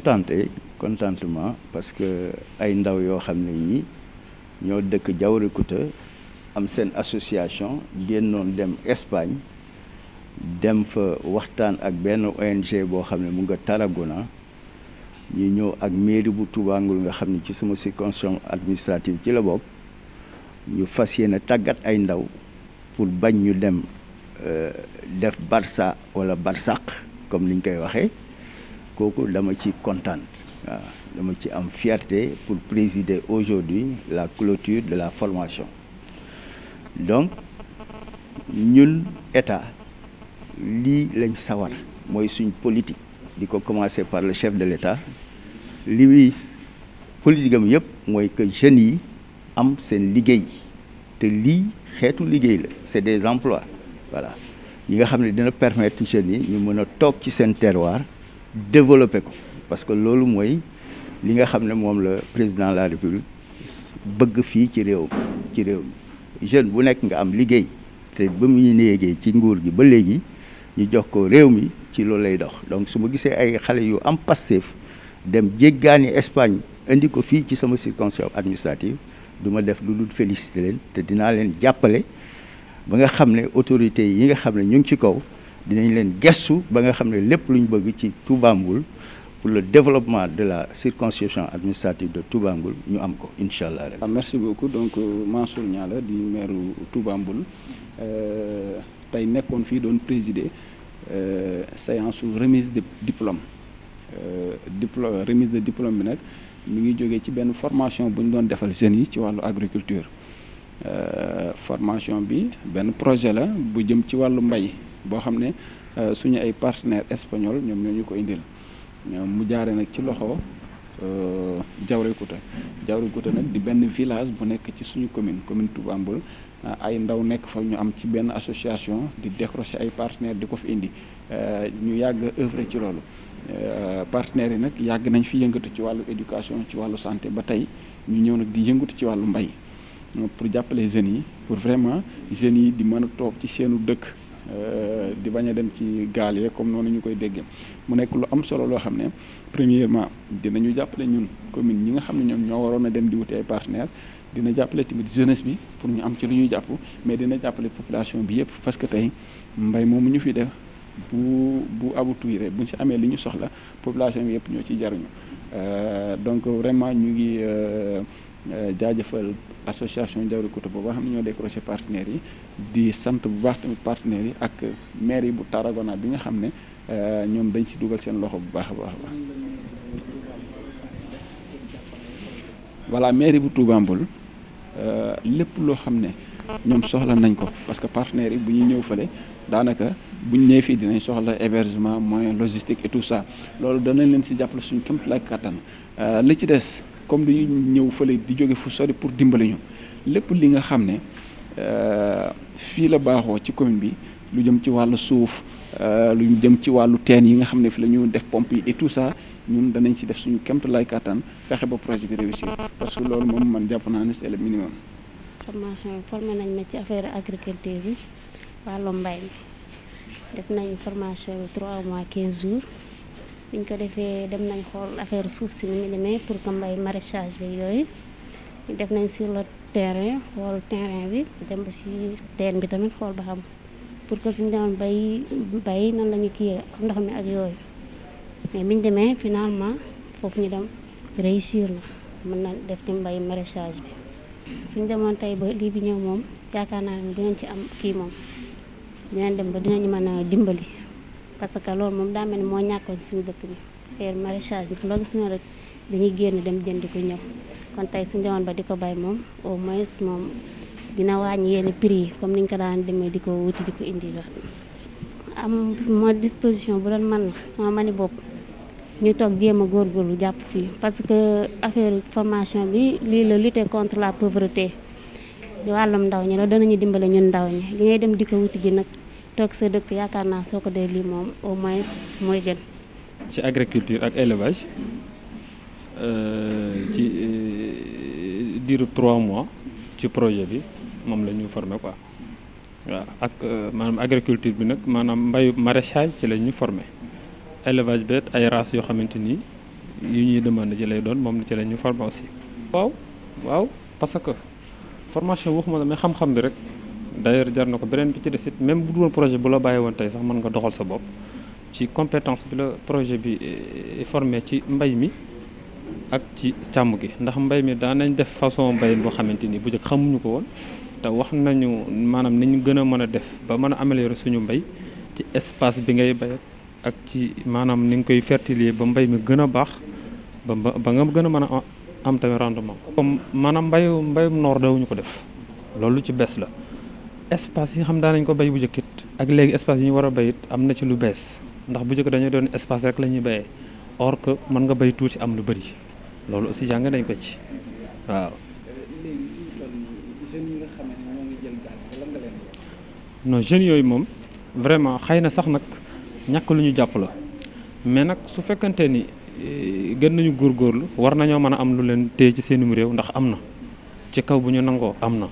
kontante contentement parce que ay ndaw yoo xam ne ñi ñoo dëkk Diaourikouta am seen association génnoon dem Espagne dem fa waxtaan ak benn ONG boo xam ne mu nga Tarragona ñu ñëw ak mairie bu Touba Ngul nga xam ne ci sama circonscription administrative ci la bokk ñu fas yéene tàggat ay ndaw pour bañ ñu dem euh, def Barça wala Barsaq comme liñ koy waxee kooku dama ci kontaan waaw dama ci am fierté pour présider aujourd'hui la clôture de la formation donc ñun état lii lañ sawar mooy suñ politique di ko commencer par le chef de l'état lii muy politique am yëpp mooy que jeunes yi am seen liggéey te lii xeetu liggéey la c'est des emplois voilà ñu nga xam ne dina permettre jeunes yi ñu mën a toog ci seen terroir développer ko parce que loolu mooy li nga xam ne moom la président la république bëgg fii ci réew ci réew mi jeune bu nekk nga am liggéey te ba mu ñu yéegee ci nguur gi ba léegi ñu jox ko réew mi ci loolu lay dox donc su ma gisee ay xale yu am Pastef dem jéggaani Espagne indi ko fii ci sama circonscription administrative duma def lu dul féliciter leen te dinaa leen jàppale ba nga xam ne autorités yi nga xam ne ñu ngi ci kaw dinañ leen gestu ba nga xam ne lépp lu ñu bëgg ci Touba pour le développement de la circonscription administrative de Touba Mboul ñu am ko incha allah rek. Ah, merci beaucoup donc euh, Mansour la di maire Touba Mboul euh, tey nekkoon fii doon présider euh, séance su remise de diplôme diplôme remise de bi nag mi ngi jóge ci benn formation bu ñu doon defal jeunes yi ci wàllu agriculture formation bi benn projet la bu jëm ci wàllu mbay. boo xam ne euh, suñu ay partenaire espagnol ñoom ñoo ñu ko indil euh, mu jaare nag ci loxo euh, Jawre Kuta Jawre Kuta nag di benn village bu nekk ci suñu commune commune Touba Mboul ay ndaw nekk fa ñu am ci benn association di décrocher ay partenaires di ko fi indi ñu yàgg œuvre ci loolu partenaires yi nag yàgg nañ fi yëngatu ci wàllu éducation ci wàllu santé ba tey ñu ñëw nag di yëngatu ci wàllu mbay pour jàppale jeunes yi pour vraiment jeunes yi di mën a toog ci seenu dëkk Euh, di bañ a dem ci gaal yee comme noonu ñu koy déggee mu nekk lu am solo loo xam ne premièrement dinañu jàppale ñun commune ñi nga xam ne ñoom ñoo waroon a dem di wute ay partenaires dina jàppale tamit jeunesse bi pour ñu am ci lu ñuy jàpp mais dina jàppale population bi yëpp parce que tey mbay moomu ñu fi def bu bu aboutiré buñ si amee li ñu soxla population bi yëpp ñoo ci jaruñu euh, donc vraiment ñu ngi euh, jaajëfal. association Ndiawri Couture boobu xam ne ñoo décroché partenaires yi di sant bu baax tamit partenaires yi ak maire yi bu Tarragona bi nga xam ne euh, ñoom dañ si dugal seen loxo bu baax a baax a voilà mairie bu Touba Mboul euh, lépp loo xam ne ñoom soxla nañ ko parce que partenaires yi bu ñuy ñëw fale daanaka buñ ñu fii dinañ soxla hébergement moyen logistique et tout ça loolu danañ leen si jàppale suñu kéemtulaay kattan euh, li ci des. comme ñu ñëw fële di jóge fu sori pour dimbali ñu lépp li nga xam ne euh, fii la baaxoo ci commune bi lu jëm ci wàllu suuf euh, lu jëm ci wàllu teen yi nga xam ne fi la ñu def pompe yi et tout ça ñun danañ ci def suñu kéemtu lay kattan fexe ba projet bi réussir parce que loolu moom man jàpp naa ne c'est le minimum. formation bi formé nañ ma ci affaire agriculture yi wàllu mbay mi def nañ formation bi 3 mois 15 jours. biñ ko defee dem nañ xool affaire suuf si ni mu demee pour que mbay maraîchage bi yooyu def nañ sur le terrain xool terrain bi dem ba si teen bi tamit xool ba xam pour que suñu demoon bay bay nan la ñu kiyee ndox mi ak yooyu mais biñ demee finalement foofu ñu dem réussir na mën na def ci mbay maraîchage bi suñ demoon tey ba lii bi ñëw moom yaakaar naa ne dinañ ci am kii moom dinañ dem ba dinañ mën a dimbali parce que loolu moom daa ni moo ñàkkoon suñu dëkk bi affaire maraîchage bi loo gis na rek dañuy génn dem jënd ko ñëw kon tey suñu demoon ba di ko bay moom au moins moom dina wàññi yenn prix yi comme ni ñu ko daan demee di ko wuti di ko indi la am moo disposition bu doon man la sama mani bopp ñu toog jéem a góorgóorlu jàpp fii parce que affaire formation bi lii la lutter contre la pauvreté wàllum ndaw ñi la danañu dimbale ñun ndaw ñi li ngay dem di ko wuti ji toog sa dëkk yaakaar naa soo ko dee lii moom au moins mooy gën. ci agriculture ak élevage euh, ci euh, diiru trois mois ci projet bi moom la ñu formé quoi waaw ak euh, maanaam agriculture bi nag maanaam mbayu maraîchage ci la ñu formé élevage beet ay races yoo xamante ni yu ñuy demande ji lay doon moom ci la ñu formé aussi. waaw waaw parce que formation waxuma la mais xam-xam bi rek. d'ailleurs jar na ko beneen bi ci des it même bu dul woon projet bu la bàyyi woon tey sax mën nga doxal sa bopp ci compétence bi la projet bi eh, eh, formé ci mbay mi ak ci càmm gi ndax mbay mi daan nañ def façon mbay boo xamante ni bu xamuñu ko te wax nañu maanaam ni ñu gën a mën a def ba mën a améliorer suñu mbay ci espace bi ngay bay ak ci maanaam ni nga koy fertiliser ba mbay mi gën a baax ba ba nga gën a mën a am tamit rendement. comme maanaam mbayu mbayum noor dawuñu ko def loolu ci bes la. espace yi xam daan nañ ko bay bu jëkkit ak léegi espace yi ñu war a béy am na ci lu bees ndax bu jëkk dañoo doon espace rek la ñuy béyee or mën nga bay tuuti am lu bëri loolu aussi jàng nañ ko ci waaw. non jeunes yooyu moom vraiment xëy na sax nag ñàkk lu ñu jàpp la mais nag su fekkante ni eh, gën nañu góor góorlu war nañoo mën a am lu leen téye ci seenum réew ndax am na ci kaw bu ñu nangoo am na.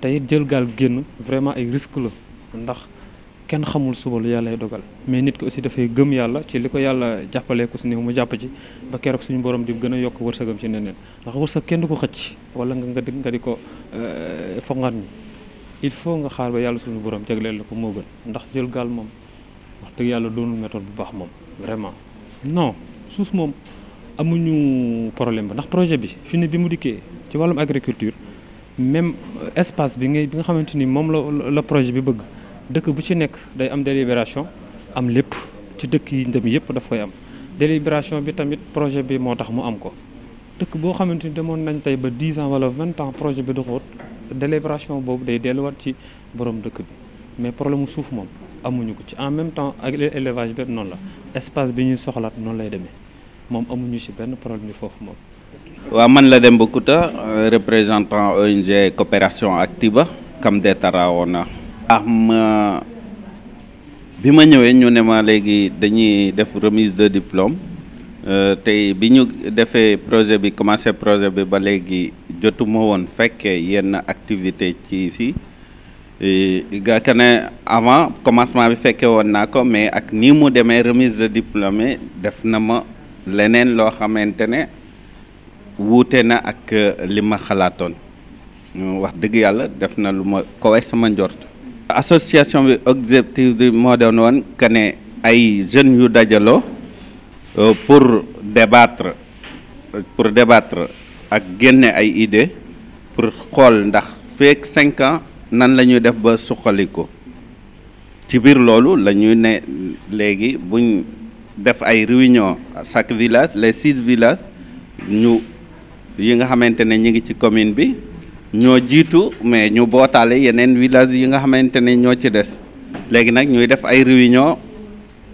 tey jël gaal génn vraiment ay risque la ndax kenn xamul suba lu yàlla lay dogal mais nit ki aussi dafay gëm yàlla ci li ko yàlla jàppalee ko su néew mu jàpp ci ba keroog suñu borom di gën a yokk sa wërsëgam ci neneen ndax wërsëg kenn du ko xëcc wala nga di nga di ko euh, fongaat ñi il faut nga xaar ba yàlla suñu borom jagleel la ko moo gën ndax jël gaal moom wax dëgg yàlla doonul méthode bu baax moom vraiment non suuf moom amuñu problème ba ndax projet bi fi ne bi mu dikkee ci wàllum agriculture même espace bi ngay bi nga xamante ni moom la la projet bi bëgg dëkk bu ci nekk day am délibération am lépp ci dëkk yi ndëm yëpp daf koy am délibération bi tamit projet bi moo tax mu am ko dëkk boo xamante ni demoon nañ tey ba 10 ans wala vingt ans projet bi du xóot délibération boobu day delluwaat ci borom dëkk bi mais problème mu suuf moom amuñu ko ci en même temps ak élevage bépp noonu la espace bi ñuy soxlaat noonu lay demee moom amuñu ci benn problème bi foofu moom waaw man la Demba Kouta représentant ONG coopération comme Activa Kamde Tarawona am ah, bi ma ñëwee ñu ne ma léegi dañuy def remise de diplôme euh, tey bi ñu defee projet bi commencé projet bi ba léegi jotuma woon fekkee yenn activité ci fii ga ne avant commencement bi fekkee woon naa ko mais ak nii mu demee remise de diplôme def na ma leneen loo xamante ne wuute na ak euh, li ma xalaatoon euh, wax dëgg yàlla def na lu ma kowe sama njort association bi objective bi moo doon woon que ay jeunes yu dajaloo euh, pour débattre pour débattre ak génne ay idées pour xool ndax feek cinq ans nan la ñuy def ba suqali ci biir loolu la ñuy ne léegi buñ def ay réunion chaque village les six villages ñu yi nga xamante ne ñu ngi ci commune bi ñoo jiitu mais ñu bootaale yeneen village yi nga xamante ne ñoo ci des léegi nag ñuy def ay réunion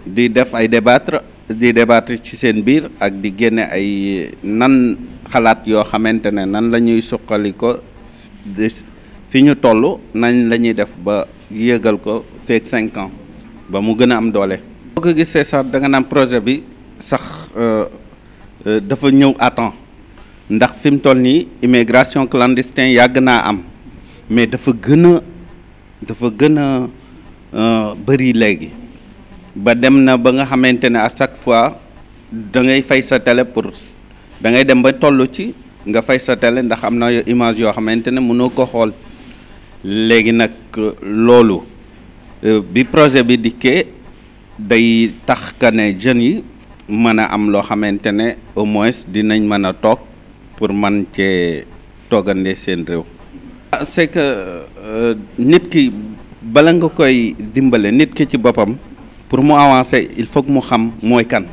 di def ay débattre di débatre ci seen biir ak di génne ay nan xalaat yoo xamante ne nan la ñuy suqali ko fi ñu toll nan la ñuy def ba yëgal ko feek cinq ans ba mu gën a am doole boo ko gisee sax da nga naan projet bi sax euh, euh, dafa ñëw à temps ndax fi mu toll nii immigration clandestine yàgg naa am mais dafa gën a dafa gën a euh, bëri léegi ba dem na ba nga xamante ne à chaque fois da ngay fay sa télé pour da ngay dem ba toll ci nga fay sa télé ndax am na image yoo xamante ne mënoo ko xool léegi nag euh, loolu euh, bi projet bi dikkee day tax ka ne jeunes yi mën a am loo xamante ne au moins dinañ mën a toog pour man cee toggande seen réew. ah c'est que euh, nit ki bala nga koy dimbale nit ki ci boppam pour mu avancer il faut mu xam mooy kan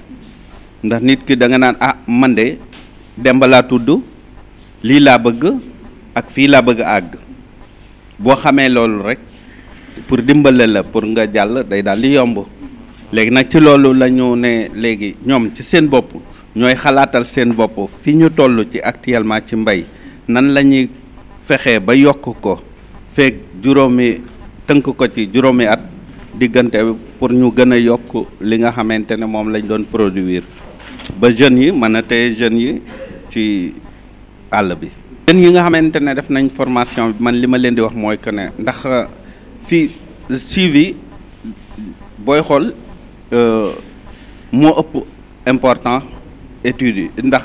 ndax nit ki da nga naan ah man de Demba laa tudd lii laa bëgg ak fii laa bëgg àgg boo xamee loolu rek pour dimbale la pour nga jàll day daal di yomb léegi nag ci loolu la ñu ne léegi ñoom ci seen bopp. ñooy xalaatal seen bopp fi ñu toll ci actuellement ci mbay nan la ñuy fexee ba yokk ko feeg juróomi tënk ko ci juróomi at diggante pour ñu gën a yokk li nga xamante ne moom lañ doon produire ba jeunes yi mën a téye jeunes yi ci àll bi. jeunes yi nga xamante ne def nañ formation bi man li ma leen di wax mooy que ne ndax euh, fii suivi booy xool euh, moo ëpp important. études ndax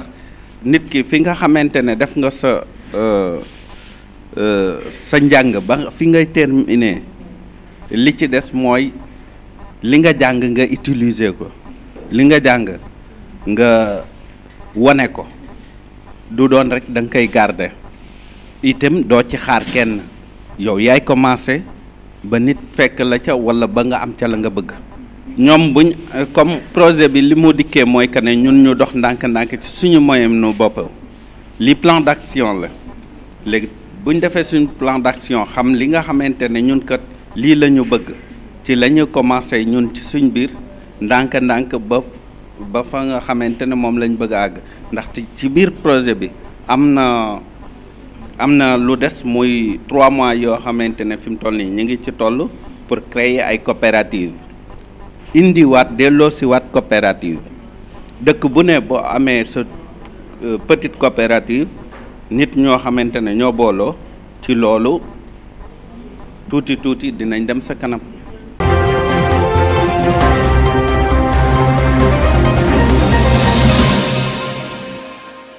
nit ki fi nga xamante ne def nga sa euh, euh, sa njàng ba fi ngay terminer li ci des mooy li nga jàng nga utiliser ko li nga jàng nga wane ko du doon rek danga koy garde itam doo ci xaar kenn yow yaay commencé ba nit fekk la ca walla ba nga am ca la nga bëgg ñoom buñ comme projet bi li mu dikkee mooy que ne ñun ñu dox ndànk-ndànk ci suñu moyen nu bopp li plan d'action la léegi buñ defee suñu plan d'action xam li nga xamante ne ñun kat lii la ñu bëgg ci la ñu commencé ñun ci suñ biir ndànk-ndànk ba ba fa nga xamante ne moom lañ bëgg a àgg ndax ci biir projet bi am na am na lu des muy trois mois yoo xamante ne fi mu toll nii ñu ngi ci toll pour créer ay coopératives indiwaat delloosiwaat coopérative dëkk bu ne boo amee sa euh, petite coopérative nit ñoo xamante ne ñoo booloo ci loolu tuuti tuuti dinañ dem sa kanam.